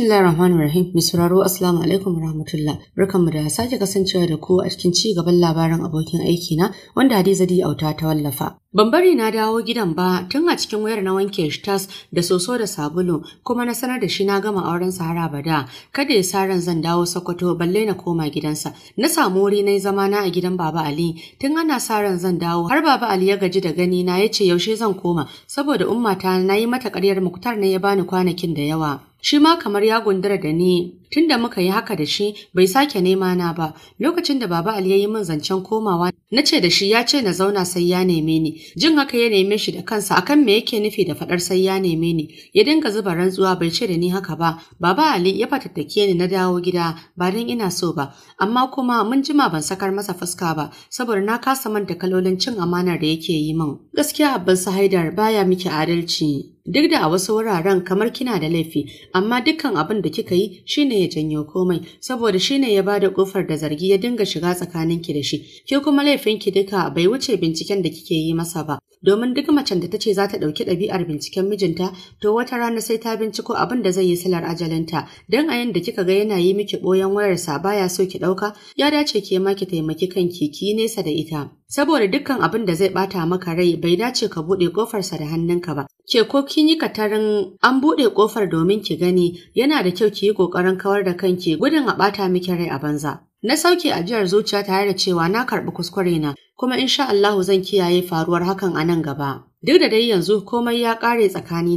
Bismillah Rahman Rahim, mai sauraro Assalamu alaikum rahmatullah. Barkanmu da sake kasancewa da ku a cikin ci gaban labaran abokin aiki na wanda Hadiza Di Auta ta wallafa. Ban bari na dawo gidan ba tun a cikin wayar na wanke shi tas da soso da sabulu kuma na sanar da shi na gama auren Sahara Bada kada ya sa ran zan dawo Sokoto balle na koma gidansa. Na samu wuri na zama na a gidan Baba Ali tun ana sa ran zan dawo har Baba Ali ya gaji da gani na yace yaushe zan koma saboda ta na yi mata ƙaryar muktar ne ya bani kwanakin da yawa. shi ma kamar ya gundura da ni tunda muka yi haka da shi bai sake nema na ba lokacin da baba Ali ya yi min zancen komawa na ce da shi ya ce na zauna sai ya neme ni jin haka ya neme shi da kansa akan me yake nufi da fadar sai ya neme ni ya dinga zuba rantsuwa bai ce da ni haka ba baba Ali ya fatattake ni na dawo gida ba dan ina so ba amma kuma mun jima ban sakar masa fuska ba saboda na kasa manta kalolin cin amanar da yake yi min gaskiya su Haidar baya miki adalci duk da a wasu wuraren kamar kina da laifi amma dukkan abin da kika yi shine ya janyo komai saboda shi ne ya bada kofar da zargi ya dinga shiga tsakaninki da shi. Ke kuma laifin ki duka bai wuce binciken da kike yi masa ba. domin duk macen da ta ce za ta ɗauki ɗabi'ar binciken mijinta to wata rana sai ta binciko abin da zai yi silar ajalinta don a yanda kika ga yana yi miki ɓoyon wayarsa baya so ki ɗauka ya dace ke ma ki taimaki kanki ki nesa da ita. Saboda dukkan abin da zai ɓata maka rai bai dace ka buɗe ƙofarsa da hannunka ba. Ke ko kin yi katarin an buɗe ƙofar domin ki gani yana da kyau ki yi ƙoƙarin kawar da kanki gudun a ɓata miki rai a banza. Na sauke ajiyar zuciya tare da cewa na karɓi kuskure na kuma insha Allahu zan kiyaye faruwar hakan a nan gaba. Duk da dai yanzu komai ya ƙare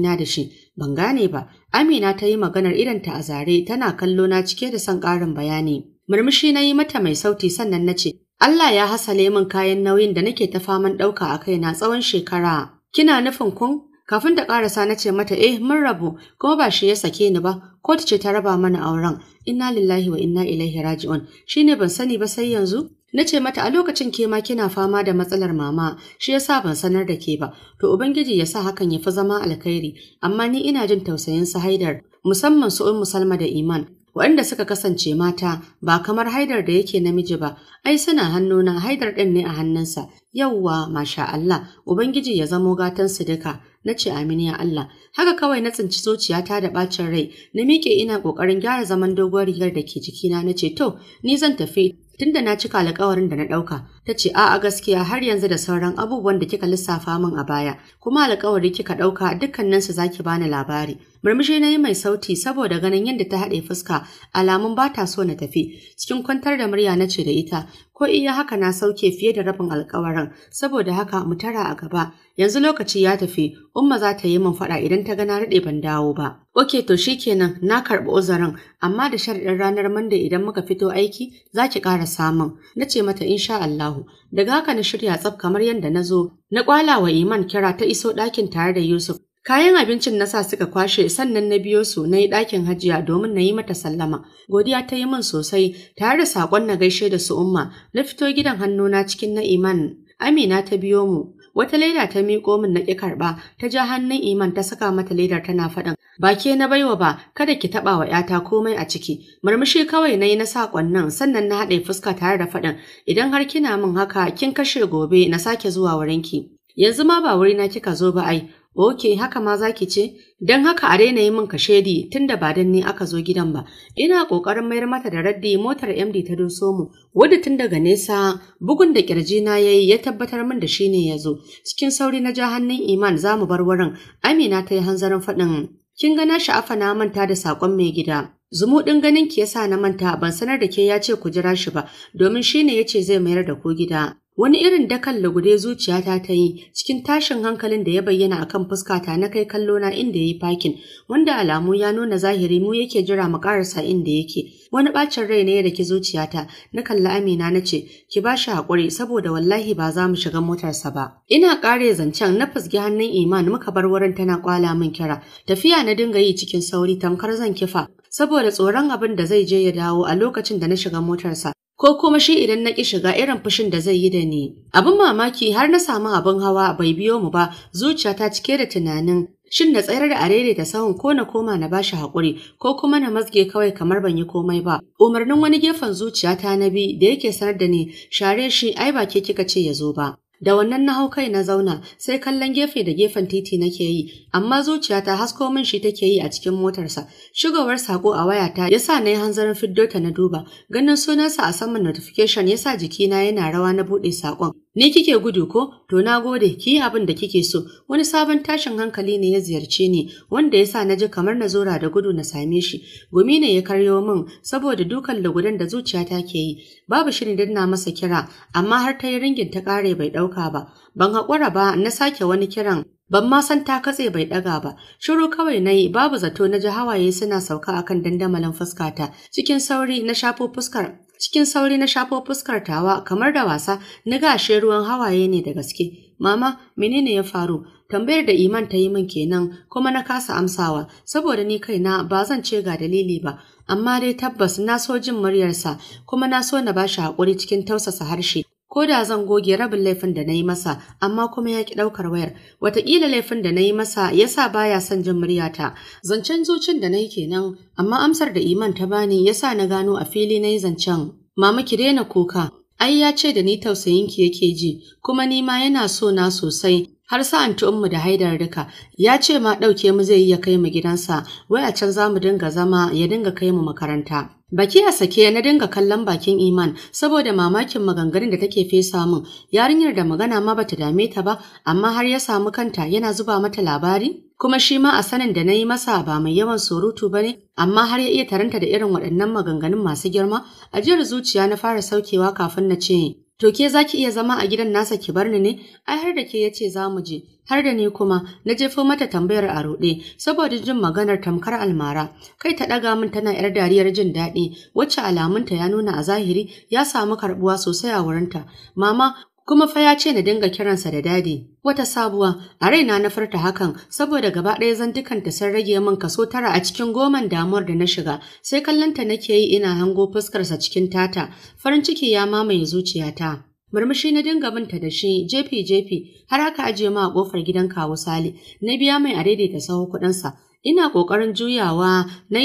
na da shi, ban gane ba. Amina ta yi maganar ta a zare tana kallo na cike da son ƙarin bayani. Murmushi na yi mata mai sauti sannan na ce, Allah ya hasale min kayan nauyin da nake ta faman ɗauka a kaina tsawon shekara. Kina nufin kun Kafin da ƙarasa na ce mata eh mun rabu kuma ba shi ya sake ni ba kotu ce ta raba mana auren inna lillahi wa inna ilaihi raji'un shine ban sani ba sai yanzu na ce mata a lokacin ke ma kina fama da matsalar mama shi ya sa ban sanar da ke ba to ubangiji ya sa hakan ya fi zama alkhairi amma ni ina jin tausayin su haidar musamman su ummu salma da iman waɗanda suka kasance mata ba kamar haidar da yake namiji ba ai suna hannuna haidar ɗin ne a hannunsa yauwa masha Allah ubangiji ya zamo gatan su duka na ce Aminiya ya Allah haka kawai na tsinci zuciyata da bacin rai na miƙe ina ƙoƙarin gyara zaman doguwar rigar da ke jikina na ce to ni zan tafi tunda na cika alƙawarin da na ɗauka ta ce a'a gaskiya har yanzu da sauran abubuwan da kika lissafa min a baya kuma alƙawari kika ɗauka dukkanin su zaki bani labari murmushi na yi mai sauti saboda ganin yadda ta haɗe fuska alamun ba ta so na tafi cikin kwantar da murya na ce da ita ko iya haka na sauke fiye da rabin alƙawarin saboda haka mu tara a gaba yanzu lokaci ya tafi umma za ta yi min faɗa idan ta gana na ban dawo ba Ok, to shikenan na karɓi uzurin amma da sharaɗin ranar manda idan muka fito aiki za ki ƙara samun na ce mata insha Allahu daga haka na shirya tsaf kamar yadda na zo na kwala wa Iman kira ta iso ɗakin tare da Yusuf Kayan abincin na sa suka kwashe sannan na biyo su na yi ɗakin hajiya domin na yi mata sallama. Godiya ta yi min sosai tare da saƙon na gaishe da su umma na fito gidan hannuna cikin na iman. Amina ta biyo mu wata leda ta miƙo min na ƙi karɓa ta ja hannun iman ta saka mata ledar tana faɗin ba ke na baiwa ba kada ki taɓa wa ‘yata komai a ciki murmushi kawai na yi na saƙon nan sannan na haɗe fuska tare da faɗin idan har kina min haka kin kashe gobe na sake zuwa wurin ki. yanzu ma ba wurina kika zo ba ai Ok, haka ma za ki ce, don haka a daina yi min kashedi tun da ba don ni aka zo gidan ba. Ina ƙoƙarin mayar mata da raddi motar MD ta doso mu, wadda tun daga nesa bugun da ƙirji na yayi ya tabbatar min da shi ne ya zo. Cikin sauri na ja hannun Iman za mu bar wurin, Amina ta yi hanzarin faɗin. Kin ga na sha'afa na manta da saƙon mai gida. Zumu ɗin ganin ki yasa na manta ban sanar da ke ya ce ku jira shi ba, domin shi ne ya ce zai mayar da ku gida. Wani irin dakan lagude zuciyata ta yi cikin tashin hankalin da ya bayyana a kan fuskata na kai kallona inda ya yi fakin, wanda alamu ya nuna zahiri mu yake jira mu karasa inda yake. Wani bacin rai ne ya daki zuciyata, na kalli Amina na ce, ki ba shi haƙuri saboda wallahi ba za mu shiga motarsa ba. Ina ƙare zancen na fusgi hannun Iman muka bar wurin tana kwala min kira. Tafiya na dinga yi cikin sauri tamkar zan kifa. Saboda tsoron abin da zai je ya dawo a lokacin da na shiga motarsa, ko kuma shi idan na ƙi shiga irin fushin da zai yi da ni. Abin mamaki har na samu abin hawa bai biyo mu ba zuciyata cike da tunanin Shin na tsayar da arere da sahun ko na koma na bashi haƙuri ko kuma na mazge kawai kamar ban yi komai ba. Umarnin wani gefen zuciyata na bi da yake sanar da ni share shi ai ba ke kika ce ya zo ba. da wannan na hau kai na zauna sai kallon gefe da gefen titi nake yi amma zuciya ta hasko min shi take yi a cikin motarsa shigowar sako a wayata yasa na yi hanzarin fiddo na duba ganin sunansa a saman notification yasa jikina yana rawa na buɗe sakon Ni kike gudu ko? To na gode, ki abin da kike so. Wani sabon tashin hankali ne ya ziyarce ni, wanda ya sa na ji kamar na zora da gudu na same shi. Gumi ne ya karyo min saboda dukan lugudan da zuciyata ke yi. Babu shirin na masa kira, amma har ta yi ringin ta kare bai ɗauka ba. Ban haƙura ba na sake wani kiran ban ma san ta katse bai ɗaga ba shiru kawai na yi babu zato na ji hawaye suna sauka akan dandamalin fuskata cikin sauri na shafo fuskar cikin sauri na shafo fuskar tawa kamar da wasa na gashe ruwan hawaye ne da gaske mama menene ya faru tambayar da iman ta yi min kenan kuma na kasa amsawa saboda ni kaina ba zan ce ga dalili ba amma dai tabbas na so jin muryarsa kuma na so na ba shi haƙuri cikin tausasa harshe ko da zan goge rabin laifin da na yi masa amma kuma ya ki ɗaukar wayar watakila laifin da na yi masa ya sa baya son jin muryata zancen zucin da na yi kenan amma amsar da iman ta bani ya sa na gano a fili na yi zancen mama ki daina kuka ai ya ce da ni tausayinki yake ji kuma ni ma yana so na sosai har sa anti ummu da haidar duka ya ce ma ɗauke mu zai iya kai mu gidansa wai a can za mu dinga zama ya dinga kai mu makaranta Baki a sake na dinga kallon bakin Iman saboda mamakin maganganun da take fesa min. Yarinyar da magana ma bata dame ta ba, amma har ya samu kanta yana zuba mata labari. Kuma shi ma a sanin da na yi masa ba mai yawan surutu ba ne, amma har ya iya taranta da irin waɗannan maganganun masu girma, ajiyar zuciya na fara saukewa kafin na ce, To ke za ki iya zama a gidan nasa ki bar ni ne? Ai har da ke ya ce za mu je, har da ni kuma na jefo mata tambayar a ruɗe saboda jin maganar tamkar almara. Kai ta ɗaga min tana ‘yar dariyar jin daɗi, wacce alamunta ya nuna a zahiri ya samu karɓuwa sosai a wurinta. Mama, kuma fa ya ce na dinga kiransa da dadi wata sabuwa a raina na furta hakan saboda gaba ɗaya zantukanta sun rage min kaso tara a cikin goman damuwar da na shiga sai kallonta nake yi ina hango fuskarsa cikin tata farin ciki ya mamaye zuciyata murmushi na dinga binta da shi jefi jefi har haka ajiye ma a kofar gidan kawu sali na biya mai a daidaita sahu kudinsa. ina ƙoƙarin juyawa na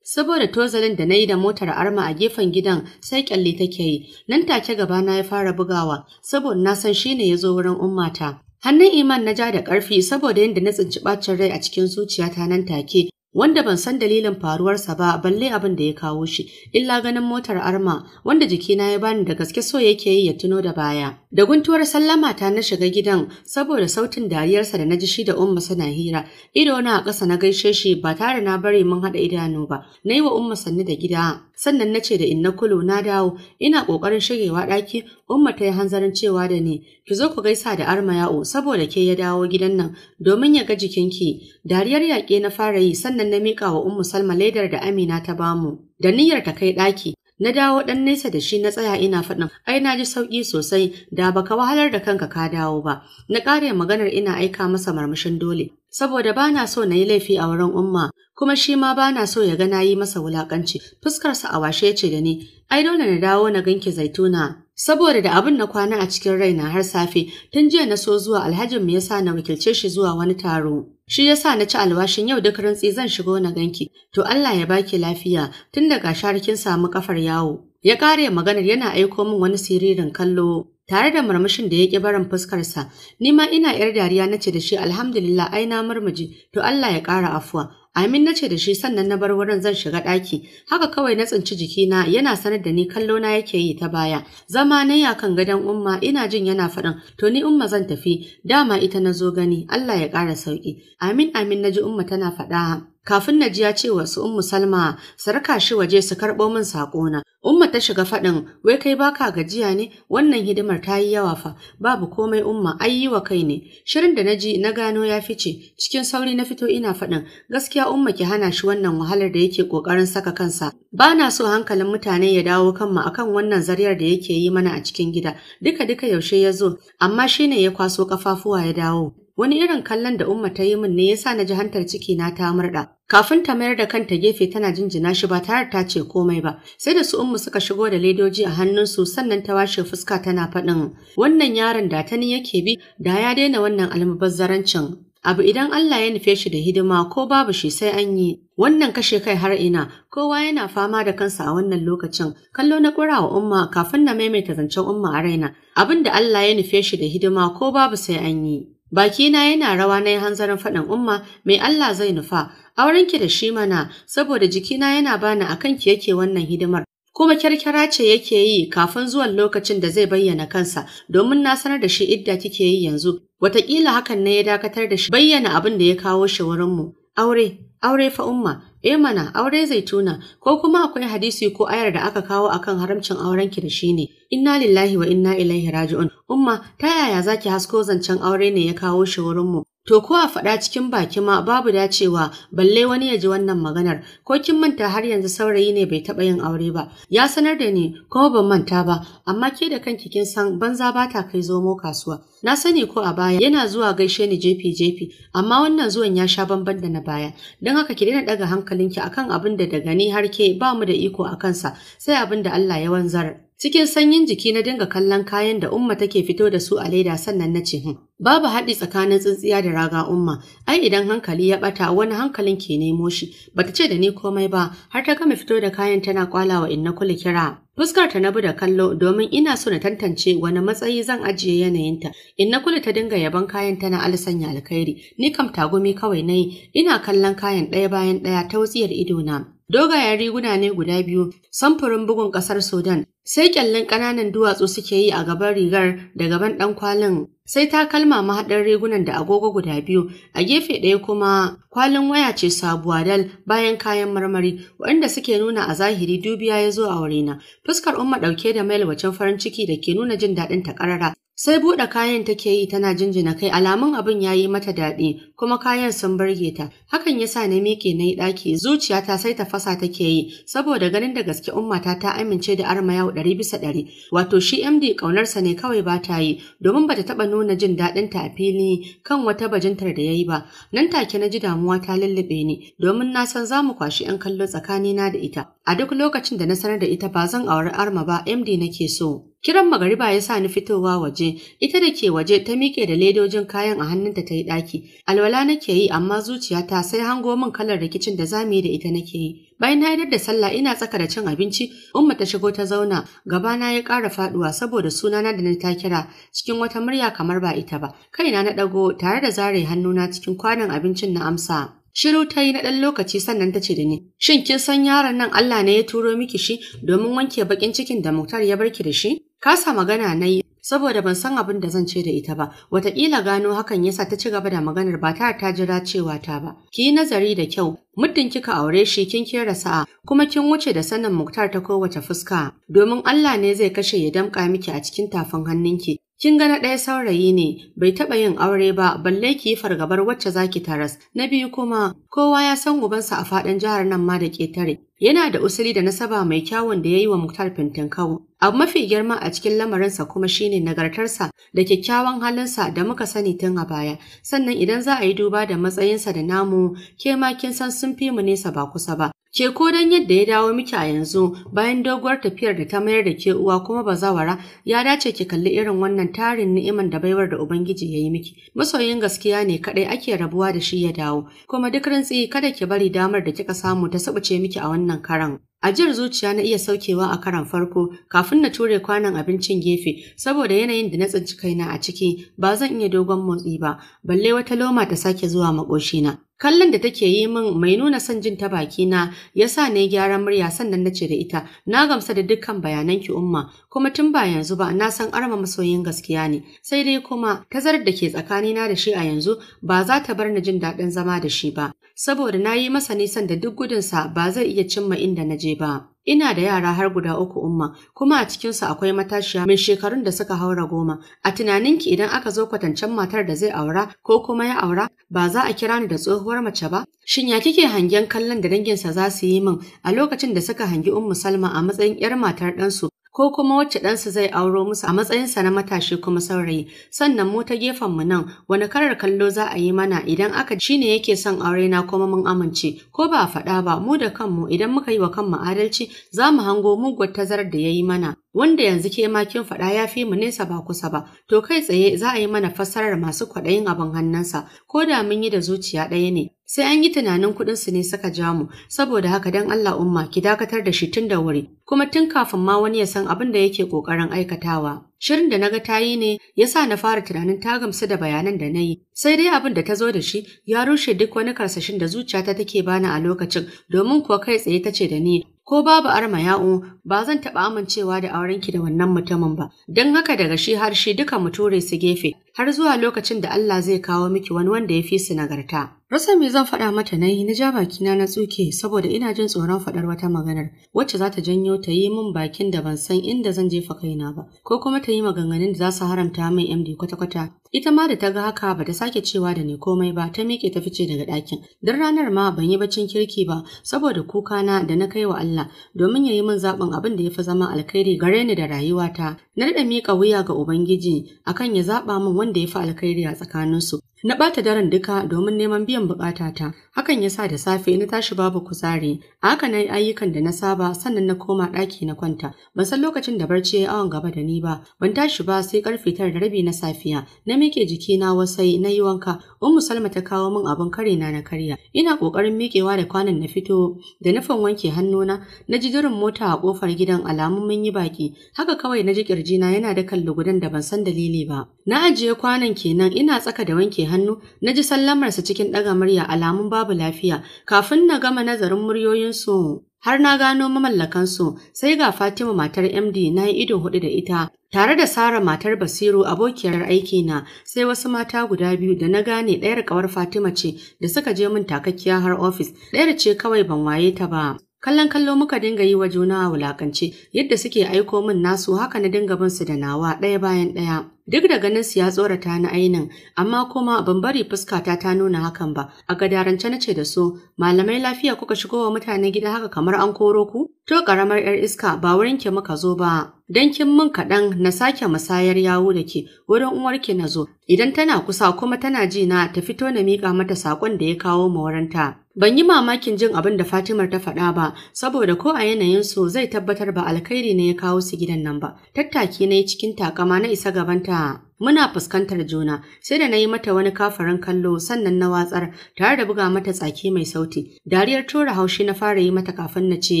Saboda tozalin da na yi da motar arma a gefen gidan sai kyalle take yi, nan take gabana ya fara bugawa, saboda na san shi ne ya zo wurin ummata. Hannun iman na ja da ƙarfi saboda yadda na tsinci ɓacin rai a cikin zuciyata nan take, wanda ban san dalilin faruwarsa ba balle abin da ya kawo shi illa ganin motar arma wanda jikina ya bani da gaske so yake yi ya tuno da baya da guntuwar sallama ta na shiga gidan saboda sautin dariyarsa da na ji shi da umma suna hira ido na a ƙasa na gaishe shi ba tare na bari mun haɗa idanu ba na yi wa umma sannu da gida sannan na ce da inna kulo na dawo ina ƙoƙarin shigewa ɗaki umma ta yi hanzarin cewa da ni ki zo ku gaisa da arma ya'o saboda ke ya dawo gidan nan domin ya ga jikin ki. dariyar yaƙe na fara yi sannan na miƙa wa ummu salma ledar da amina ta bamu da niyyar ta kai ɗaki Na dawo ɗan nesa da shi na tsaya ina faɗin, ai na ji sauƙi sosai da baka wahalar da kanka ka dawo ba. Na ƙare maganar ina aika masa marmashin dole, saboda ba na so na yi laifi a wurin umma, kuma shi ma ba na so ya ga na yi masa wulaƙanci. Fuskarsa a washe ce da ni, ai dole na dawo na ganki zaituna. Saboda da abin na kwana a cikin rai na har safe, tun jiya na so zuwa alhajin mu yasa na wakilce shi zuwa wani taro. Shi yasa na ci alwashin yau duk rantsi zan shigo na ganki, to Allah ya baki lafiya tun daga sharkin samu kafar yawo. Ya kare maganar yana aiko min wani siririn kallo tare da murmushin da ya ƙi barin fuskarsa, ni ma ina ‘yar dariya na ce da shi alhamdulillah ai na murmuji, to Allah ya kara afuwa, Amin na ce da shi sannan na bar wurin zan shiga ɗaki. Haka kawai na tsinci jikina yana sanar da ni kallo na yake yi ta baya. Zama na ya kan gadon umma ina jin yana faɗin to ni umma zan tafi dama ita na zo gani Allah ya ƙara sauƙi. Amin amin na ji umma tana faɗa Kafin na ji ya ce wa su Ummu Salma sarka shi waje su karɓo min na. Umma ta shiga faɗin wai kai baka gajiya ne wannan hidimar ta yi yawa fa babu komai Umma ai yi wa kai ne. Shirin da na ji na gano ya fice cikin sauri na fito ina faɗin gaskiya Umma ki hana shi wannan wahalar da yake kokarin saka kansa. Ba na so hankalin mutane ya dawo kanmu akan wannan zariyar da yake yi mana a cikin gida. Duka duka yaushe ya zo amma shine ya kwaso kafafuwa ya dawo. Wani irin kallon da Umma ta yi min ne sa na ji hantar ciki na ta murɗa. Kafin ta mayar da kanta gefe tana jinjina shi ba tare ta ce komai ba, sai da su Umma suka shigo da ledoji a hannunsu sannan ta washe fuska tana faɗin. Wannan yaron da ta ni yake bi da ya daina wannan almubazzarancin. Abu idan Allah ya nufe shi da hidima ko babu shi sai an yi. Wannan kashe kai har ina, kowa yana fama da kansa a wannan lokacin, kallo na kura wa umma kafin na maimaita zancen umma a raina, abin da Allah ya nufe shi da hidima ko babu sai an yi. Bakina yana rawa na yi hanzarin faɗin umma mai Allah zai nufa, aurenki da shi mana saboda jikina yana bani a kanki yake wannan hidimar. Kuma kyarkyara ce yake yi kafin zuwan lokacin da zai bayyana kansa domin na sanar da shi idda kike yi yanzu. Wataƙila hakan ne ya dakatar da shi bayyana abin da ya kawo shi wurinmu. Aure, Aure fa umma, eh mana aure zai tuna. ko kuma akwai hadisi ko ayar da aka kawo akan haramcin auren ki da shi ne. Inna lillahi wa inna ilaihi raji'un. Umma ta yaya zaki hasko zancen aure ne ya kawo shi wurin mu? To ko a faɗa cikin baki ma babu dacewa balle wani ya ji wannan maganar ko kin manta har yanzu saurayi ne bai taɓa yin aure ba ya sanar da ni kuma ban manta ba amma ke da kanki kin san banza ba ta kai zomo kasuwa na sani ko a baya yana zuwa gaishe ni jefi jefi amma wannan zuwan ya sha bamban da na baya don haka ki daina ɗaga hankalinki akan abin da daga ni har ke ba mu da iko a kansa sai abin da Allah ya wanzar Cikin sanyin jiki na dinga kallon kayan da Umma take fito da su a leda sannan na ce, hmm, Babu haɗi tsakanin tsintsiya da raga Umma, ai idan hankali ya ɓata wani hankalin ke nemo shi, bata ce da ni komai ba, har ta gama fito da kayan tana kwalawa in na kula kira. Fuskar ta na da kallo domin ina so na tantance wani matsayi zan ajiye yanayinta. In na kula ta dinga yaban kayan tana alsanya alkhairi, ni kam tagumi kawai na yi. ina kallon kayan ɗaya bayan ɗaya ta wutsiyar idona. Dogayen riguna ne guda biyu, samfurin bugun ƙasar Sudan, sai ƙyallin ƙananan duwatsu suke yi a gaban rigar da gaban ɗan kwalin, sai takalma mahaɗar rigunan da agogo guda biyu, a gefe ɗaya kuma kwalin waya ce sabuwa dal bayan kayan marmari, waɗanda suke nuna a zahiri dubiya ya zo a wurina. Fuskar Umma ɗauke da mailwacin farin ciki da ke nuna jin daɗin ta ƙarara, Sai buɗe kayan take yi tana jinjina kai alamun abin ya yi mata daɗi kuma kayan sun barge ta. Hakan ya sa na miƙe na yi ɗaki zuciyata sai tafasa take yi saboda ganin da gaske ummata ta amince da arma yau ɗari bisa ɗari. Wato shi MD ƙaunarsa ne kawai ba ta yi domin ba ta taɓa nuna jin daɗinta a fili kan wata bajintar da ya yi ba. Nan take na ji damuwa ta lullube ni domin na san za mu kwashi 'yan kallo tsakanina da ita. A duk lokacin da na sanar da ita ba zan auri arma ba MD nake so. Kiran magariba ya sa ni fitowa waje, ita da ke waje ta miƙe da ledojin kayan a hannunta ta yi ɗaki. Alwala nake yi amma zuciyata sai hango min kalar rikicin da za mu yi da ita nake yi. Bayan na da sallah ina tsaka da cin abinci, Umma ta shigo ta zauna, gabana ya ƙara faɗuwa saboda sunana da na ta kira cikin wata murya kamar ba ita ba. Kai na na ɗago tare da zare hannuna cikin kwanon abincin na amsa. Shiru ta yi na ɗan lokaci sannan ta ce da ni, Shin kin san yaron nan Allah ne ya turo miki shi domin wanke baƙin cikin da mutar ya barki da shi? Kasa magana na yi saboda ban san abin da zan ce da ita ba, wataƙila gano hakan yasa ta ci gaba da maganar ba ta ta jira cewa ta ba. Ki nazari da kyau, muddin kika aure shi kin kera sa'a, kuma kin wuce da sanin muktar ta kowace fuska, domin Allah ne zai kashe ya damƙa miki a cikin tafin hannunki, Kin ga ɗaya saurayi ne, bai taɓa yin aure ba, balle ki yi fargabar wacce zaki taras. Na biyu kuma, kowa ya san ubansa a faɗin jihar nan ma da ƙetare. Yana da usuli da nasaba mai kyawun da ya yi wa Muktar kawo. Abu mafi girma a cikin lamarinsa kuma shine nagartarsa da kyakkyawan halinsa da muka sani tun a baya. Sannan idan za a yi duba da matsayinsa da namu, ke ma kin san sun fi mu nesa ba kusa ba. Ce ko don yadda ya dawo miki a yanzu bayan doguwar tafiyar da ta mayar da ke uwa kuma bazawara ya dace ki kalli irin wannan tarin ni'iman da baiwar da Ubangiji ya yi miki. Masoyin gaskiya ne kadai ake rabuwa da shi ya dawo, kuma duk rantsi kada ki bari damar da kika samu ta sabuce miki a wannan karan. Ajiyar zuciya na iya saukewa a karan farko kafin na ture kwanan abincin gefe saboda yanayin da na tsinci kaina a ciki ba zan iya dogon motsi ba balle wata loma ta sake zuwa makoshina. Kallon da take yi min mai nuna son jin ta baki na ya sa ne gyaran murya sannan na ce da ita na gamsa da dukkan bayanan ki umma kuma tun ba yanzu ba na san arma masoyin gaskiya ne sai dai kuma tazarar da ke tsakanina da shi a yanzu ba za ta bar ni jin daɗin zama da shi ba saboda na yi masa nisan da duk gudunsa ba zai iya cimma inda na je ba. Ina da yara har guda uku umma, kuma a cikinsu akwai matashiya mai shekarun da suka haura goma. A tunaninki idan aka zo kwatancen matar da zai aura ko kuma ya aura, ba za a kira ni da tsohuwar mace ba? Shin ya kike hangen kallon da danginsa za su yi min a lokacin da suka hangi Ummu Salma a matsayin 'yar matar ɗansu ko kuma wacce ɗansu zai auro musu a matsayinsa na matashi kuma saurayi sannan mu ta mu nan wani karar kallo za a yi mana idan aka shi ne yake son aure na kuma mun amince ko ba a faɗa ba mu da kanmu idan muka yi wa kanmu adalci za mu hango muguwar tazarar da ya yi mana wanda yanzu ke ma kin faɗa ya fi mu nesa ba kusa ba to kai tsaye za a yi mana fassarar masu kwaɗayin abin hannunsa ko da mun yi da zuciya ɗaya ne sai an yi tunanin kuɗinsu ne saka jamu, saboda haka dan Allah umma ki dakatar da shi tun da wuri kuma tun kafin ma wani ya san abin da yake ƙoƙarin aikatawa shirin da naga ta yi ne ya sa na fara tunanin ta gamsu da bayanan da na yi sai dai abin da ta zo da shi ya rushe duk wani karsashin da zuciyata take bani a lokacin domin kuwa kai tsaye ta ce da ni ko babu arma ya'u ba zan taɓa amincewa da aurenki da wannan mutumin ba don haka daga shi har shi duka mu ture su gefe har zuwa lokacin da Allah zai kawo miki wani wanda ya fi su nagarta Rasa me zan faɗa mata na yi na ja bakina na tsuke saboda ina jin tsoron faɗar wata maganar wacce za ta janyo ta yi min bakin da ban san inda zan jefa kaina ba ko kuma ta yi maganganun da za su haramta min MD kwata-kwata Ita ma da ta ga haka ba ta sake cewa da ni komai ba ta miƙe ta fice daga ɗakin. Dan ranar ma ban yi baccin kirki ba saboda kuka na da na kai wa Allah domin ya yi min zaɓin abin da ya fi zama alkhairi gare ni da rayuwata. Na daɗa miƙa wuya ga Ubangiji akan ya zaɓa min wanda ya fi alkhairi a tsakaninsu. Na ɓata daren duka domin neman biyan buƙatata, hakan ya sa da safe na tashi babu kuzari, a haka na yi ayyukan da na saba sannan na koma ɗaki na kwanta, ban san lokacin da barci ya yi awon gaba da ni ba, ban tashi ba sai ƙarfe tara da rabi na safiya, na miƙe jikina wasai na yi wanka, umu Salma ta kawo min abin kare na na karya. Ina ƙoƙarin miƙewa da kwanan na fito da nufin wanke hannuna, na ji jirin mota a ƙofar gidan alamun mun yi baki. Haka kawai na ji na yana da kan lugudan da ban san dalili ba. Na ajiye kwanan kenan ina tsaka da wanke hannu, na ji sallamarsa cikin ɗaga murya alamun babu lafiya. Kafin na gama nazarin muryoyin su, har na gano mamallakansu sai ga Fatima matar MD na yi ido hudu da ita Tare da Sara matar Basiru abokiyar aiki na sai wasu mata guda biyu da na gane ɗayar ƙawar Fatima ce da suka je min takakkiya har ofis ɗayar ce kawai ban waye ta ba. Kallon kallo muka dinga yi wa juna a wulakance yadda suke aiko min nasu haka na dinga bin su da nawa ɗaya bayan ɗaya. Duk da ganin su ya tsorata na ainin, amma kuma ban bari fuskata ta nuna hakan ba. A gadarance na ce da su, malamai lafiya kuka shigo wa mutane gida haka kamar an koro ku? To karamar 'yar iska ba wurin ki muka zo ba. Dan kin min kaɗan na sake musayar yawo da ke wurin uwarki na zo. Idan tana kusa kuma tana ji na ta fito na miƙa mata saƙon da ya kawo mawaranta. Ban yi mamakin jin abin da Fatimar ta faɗa ba, saboda ko a yanayinsu zai tabbatar ba alkhairi ne ya kawo su gidan nan ba. Tattaki na cikin takama na isa gabanta muna fuskantar juna sai da na yi mata wani kafarin kallo sannan na watsar tare da buga mata tsaki mai sauti dariyar tura haushi na fara yi mata kafin na ce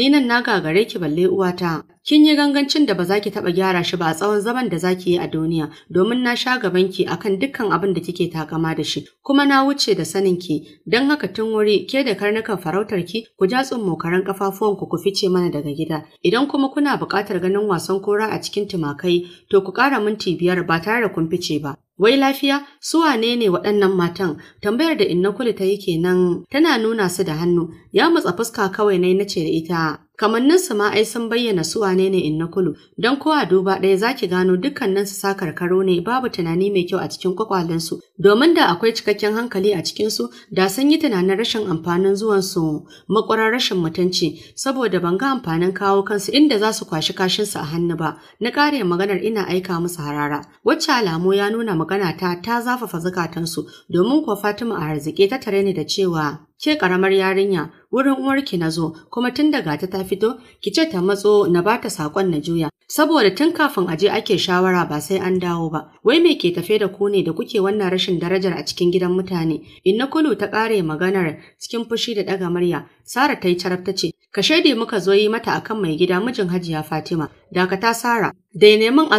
ni nan na gagare ki balle uwata Kin yi gangancin da ba za ki taɓa gyara shi ba a tsawon zaman da za ki yi a duniya, domin na sha gaban ki akan dukkan abin da kike takama da shi, kuma na wuce da sanin ki, don haka tun wuri ke da karnukan farautar ki ku ja tsummokaran kafafuwan ku ku fice mana daga gida. Idan kuma kuna buƙatar ganin wasan kora a cikin tumakai, to ku ƙara minti biyar ba tare da kun fice ba. Wai lafiya, su wane ne waɗannan matan? Tambayar da Inna Kulu ta yi kenan tana nuna su da hannu, ya matsa fuska kawai nai na ce da ita kamanninsu ma ai sun bayyana su wane ne na kulu don ko a duba ɗaya za ki gano dukkanin su karo ne babu tunani mai kyau a cikin su domin da akwai cikakken hankali a cikin su da sun yi tunanin rashin amfanin zuwansu makwarar rashin mutunci saboda ban ga amfanin kawo kansu inda za su kwashi su a hannu ba na ƙare maganar ina aika musu harara wacce alamu ya nuna magana ta ta zafafa zukatansu domin kuwa fatima a arziki ta tare ni da cewa Ke karamar yarinya, wurin uwarki na zo, kuma tun da gata ta fito, ki ce ta matso na bata ta saƙon na juya. Saboda tun kafin aje ake shawara ba sai an dawo ba. Wai me ke tafe da ku ne da kuke wannan rashin darajar a cikin gidan mutane? Inna kulu ta ƙare maganar cikin fushi da ɗaga murya. Sara ta yi carab ta ce, Ka shaidi muka zo yi mata akan mai gida mijin Hajiya Fatima, dakata Sara, dai neman a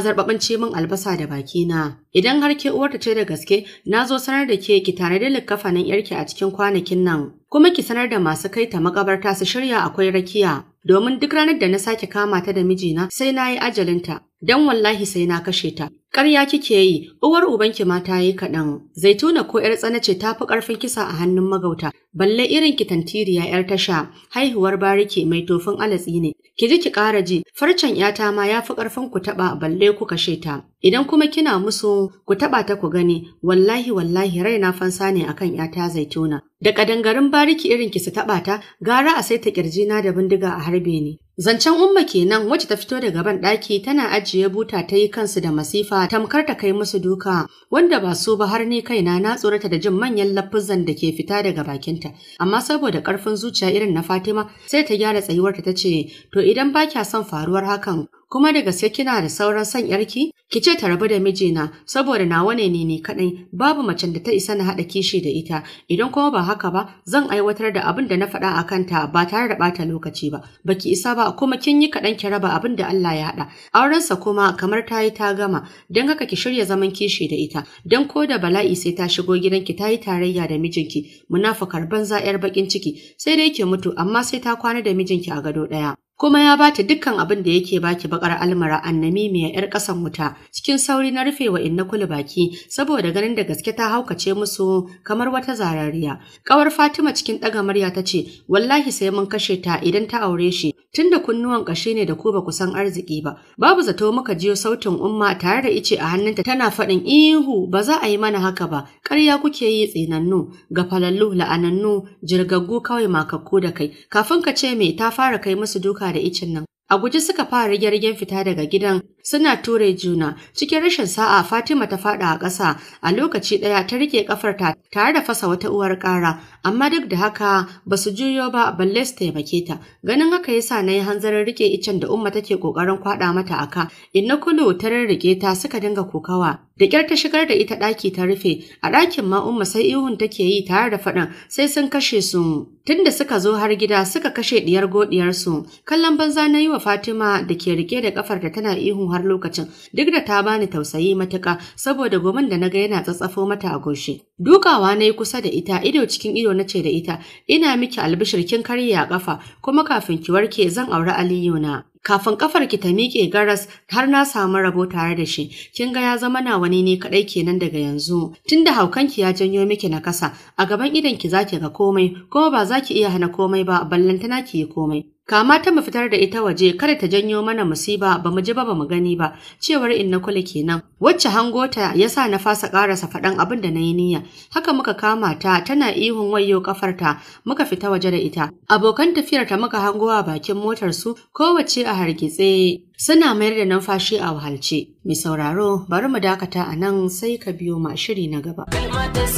min albasa da baki na. Idan har ke uwarta ce da gaske, na zo sanar da ke ki tare da likkafanin yarki a cikin kwanakin nan, kuma ki sanar da masu kai ta makabarta su shirya akwai rakiya. Domin duk ranar da na sake kama ta da mijina sai na yi ajalinta, don wallahi sai na kashe ta, Ƙarya kike yi, uwar ubanki mata ta yi kaɗan. Zaituna ko ‘yar tsana ce ta fi ƙarfin kisa a hannun magauta, balle irin ki tantiriya ‘yar tasha, haihuwar bariki mai tofin alatsi ne. Ki ji ki ƙara ji, farcen ‘yata ma ya fi ƙarfin ku taɓa balle ku kashe ta. Idan kuma kina musu ku taɓa ta ku gani, wallahi wallahi rai na fansa ne akan ‘yata zaituna. Da ƙadangarin bariki irin ki su taɓa ta, gara a sai ta saita na da bindiga a harbe ni. Zancen umma kenan wacce ta fito daga ban ɗaki tana ajiye buta ta yi kansu da masifa tamkar ta kai musu duka wanda ba su ba har ni kaina na tsorata da jin manyan lafuzan da ke fita daga bakinta amma saboda karfin zuciya irin na Fatima sai ta gyara tsayuwarta ta ce to idan ba kya son faruwar hakan kuma da gaske kina da sauran son yarki ki ce ta rabu da mijina saboda nawa ne ne kadai babu macen da ta isa na hada kishi da ita idan kuma ba haka ba zan aiwatar da abin da na faɗa a kanta ba tare da bata lokaci ba baki isa ba kuma kin yi kaɗan ki raba abin da Allah ya haɗa aurensa kuma kamar ta yi ta gama dan haka ki shirya zaman kishi da ita dan ko da bala'i sai ta shigo gidanki ta yi tarayya da mijinki munafakar banza yar bakin ciki sai dai ke mutu amma sai ta kwana da mijinki a gado ɗaya kuma ya ba ta dukkan abin da yake baki bakar almara annami annamimiya yar kasan wuta cikin sauri na rufe wa inna Kulu baki saboda ganin da gaske ta haukace musu kamar wata zarariya kawar Fatima cikin daga murya ta ce wallahi sai mun kashe ta idan ta aure shi tunda kunnuwan kashe ne da ku ba ku san arziki ba babu zato muka jiyo sautin umma tare da ice a hannunta tana faɗin ihu ba za a yi mana haka ba karya kuke yi tsinannu falallu la'anannu jirgaggu kawai makakku da kai kafin ka ce me ta fara kai musu duka da icin nan. A guji suka fara rige fita daga gidan suna ture juna cikin rashin sa'a Fatima ta fada a ƙasa a lokaci ɗaya ta rike ƙafarta, tare da fasa wata uwar ƙara amma duk da haka ba su juyo ba balle su taimake ta ganin haka yasa na yi hanzarin rike icen da umma take kokarin kwaɗa mata a ka. inna kulu ta rarrike ta suka dinga kokawa da kyar ta shigar da ita ɗaki ta rufe a ɗakin ma umma sai ihun take yi tare da faɗan sai sun kashe su tunda suka zo har gida suka kashe diyar godiyar kallon banza na yi wa Fatima da ke rike da kafar tana ihun har lokacin duk da ta bani tausayi matuka saboda goman da naga yana tsatsafo mata a goshi. Dukawa na yi kusa da ita ido cikin ido na ce da ita ina miki albishir kin karye a kafa kuma kafin ki warke zan auri Aliyu na. Kafin kafar ki ta miƙe garas har na samu rabo tare da shi, kin ga ya zama na wani ne kaɗai kenan daga yanzu. Tunda haukanki ya janyo miki na kasa, a gaban idan ki zaki ga komai, kuma ba za ki iya hana komai ba, ballantana ki yi komai. Kama ta mu fitar da ita waje kada ta janyo mana musiba ba mu ji ba ba mu gani ba cewar inna kula kenan. Wacce hangota ya sa na fasa karasa faɗan abin da na yi niyya. Haka muka kama ta tana ihun wayo kafarta muka fita waje da ita. Abokan tafiyar ta muka hangowa bakin motar su kowace a hargitse suna mayar da numfashi a wahalce. Mai sauraro bari mu dakata a nan sai ka biyo ma shiri na gaba. Kalmar